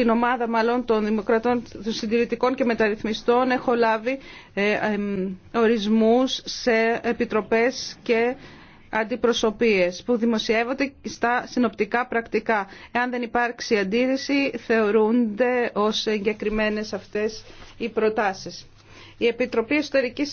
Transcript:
την ομάδα μάλλον των Δημοκρατών, των Συντηρητικών και Μεταρρυθμιστών έχω λάβει ε, ορισμούς σε επιτροπές και αντιπροσωπείες που δημοσιεύονται στα συνοπτικά πρακτικά. Εάν δεν υπάρξει αντίρρηση θεωρούνται ως εγκεκριμένες αυτές οι προτάσεις. Η Επιτροπή Ιστορικής